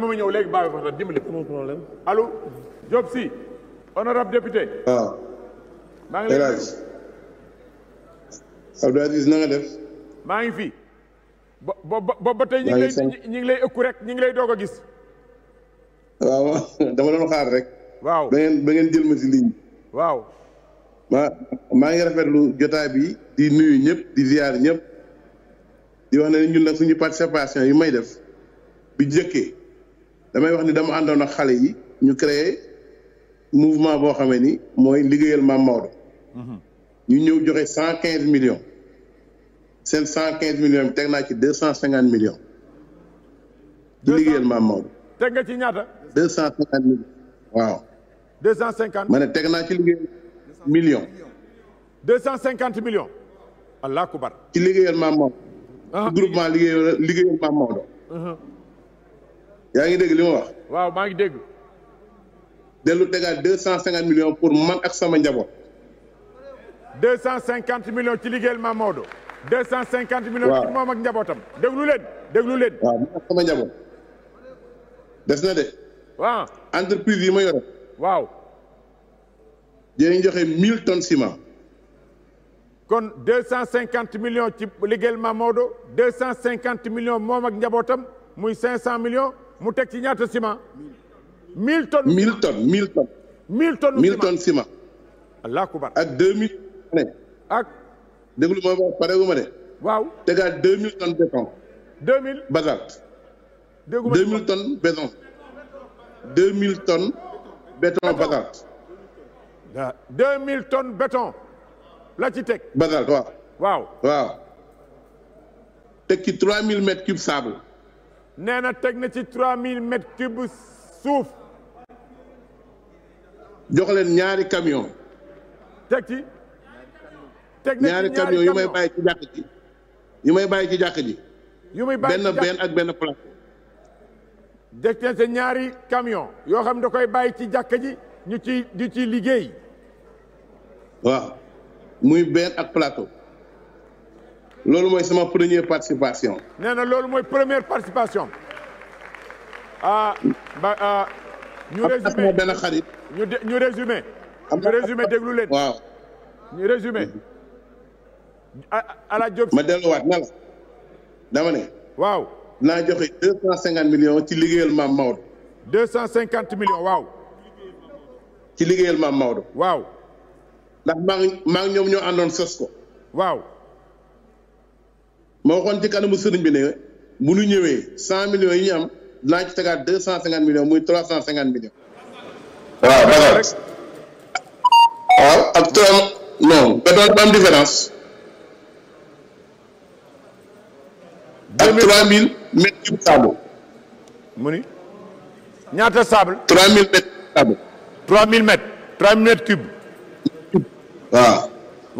ma ma ñëw léegi bàyyi ko sax dimbali. amul problème allo. Diop si. honorable député. Ah. maa ngi lay def Abdou Aziz na nga def. maa ngi fi. bo bo ba tey ñu lay ñu ngi lay ëkku rek ñu ngi lay doog a gis. waaw dama doon xaar rek. waaw ba ngeen ba ngeen jël ma waaw. maa maa ngi rafetlu jotaay bi di nuyu ñëpp di ziar ñëpp di wax ne la nag suñu participation yi may def bi jëkkee damay wax ni dama àndoon ak xale yi ñu créé mouvement boo xamee ni mooy liggéeyal maam Maodo. Mhm. ñu ñëw joxe cent quinze millions. seen cent quinze millions teg naa ci deux cent cinquante millions. ci liggéeyal maam Maodo. teg ci ñaata. deux cent waaw. deux cent cinquante. ma ne teg naa ci liggéeyal millions. cent cinquante millions. allah kubar. ci liggéeyal maam Maodo. Ah. groupement liggéeyal liggéeyal yaa ngi dégg li ma wax. waaw maa ngi dégg. dellu tegaat deux cent cinquante millions pour man ak sama njaboot. deux cent cinquante millions ci liggéeyal Mame Maodo. deux cent cinquante millions. waaw ci moom ak njabootam déglu leen déglu leen. waaw man ak sama njaboot. des na de. entreprise yi ma yore. waaw. dinañ joxe mille tonnes sima kon deux cent cinquante millions ci liggéeyal Mame Maodo deux cent cinquante millions moom ak njabootam muy cinq cent millions. mu teg ci ñaata ciment. mille tonnes mille ton mille tonnes. mille tonnes mille tonnes ciment. allah kubar ak deux mille. ak. déglu ma ba pare wu de. waaw tegaat deux mille tonnes béton. mille basalte. déglu mille tonnes béton. béton béton la ci teg. basalte waaw. waaw waaw. teg ci trois mille mètres cube sable. nee na teg na ci trois mille mètres cubes suuf. jox leen ñaari camion. teg ci. teg ñaari camion yu may bàyyi ci jàkk yu may bàyyi ci jàkk ji. yu may bàyyi ci benn benn ak benn place. dégg na ñaari camion yoo xam da koy bàyyi ci jàkk ji ñu ci di ci liggéey. waaw muy benn ak plateau. loolu mooy sama première participation. nee na loolu mooy première participation. ah ba ah, ñu résumé benn xarit. ñu ñu résumé. am ñu résumé déglu leen. waaw. ñu résumé. ala Diop ma delluwaat na la dama ne. waaw naa joxe deux cent cinquante ci liggéeyal maam Maodo. deux cent cinquante millions waaw. ci liggéeyal maam Maodo. waaw. ndax maa ngi maa ngi ñoom ñoo sos ko. waaw. ma waxoon ci kanamu sëriñ bi bu nu ñëwee cent millions yi ñu am dinaa ci tegaat deux cent cinquante millions muy trois cent cinquante millions. waaw d'accord waaw ak trois non pétrole ba différence. trois mille mètres cube sable. mu ni ñaata sable. trois mille mètres sable. trois mille trois mille mètres cube.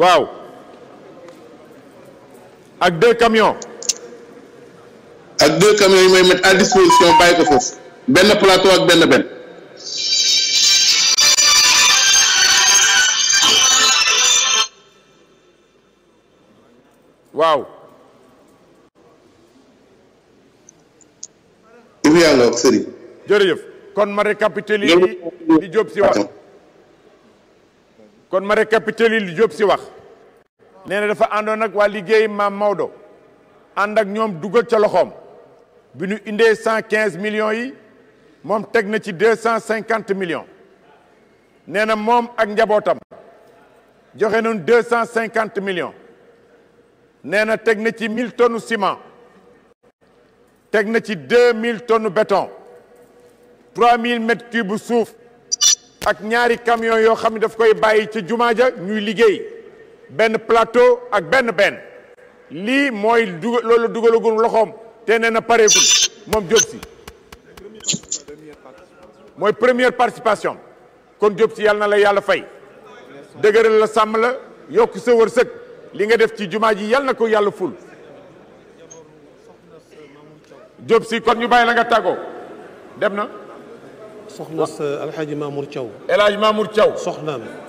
waaw. ak deux camions. ak deux camions yi may mettre à disposition bàyyi ko foofu benn plateau ak benn benn. waaw. Ibu yaa nga wax sëriñ. jërëjëf kon ma récapitule li di Diop kon ma récapitule li Diop si wax. nee na dafa àndoon ak waa liggéey maam Maodo ànd ak ñoom dugal ca loxoom bi ñu indee cent quinze millions yi moom teg na ci deux cent cinquante millions nee na moom ak njabootam joxe nañ deux cent cinquante millions nee na teg na ci mille tonnes ciment teg na ci deux mille tonnes béton trois mille mètres cubes suuf ak ñaari kamion yoo xam ne daf koy bàyyi ci jumaa ja ñuy liggéey benn plateau ak benn benn lii mooy dugal loolu dugalagul loxoom te nee na pareegul moom Diop Sy mooy première participation kon Diop si yàlla na la yàlla fay dëgëral la sàmm la yokk sa wërsëg li nga def ci jumaa ji yàlla na ko yàlla ful Diop si kon ñu bàyyi la nga tàggoo dem na soxna sa alxaaji Mamour Thiaw El Hadj Mamour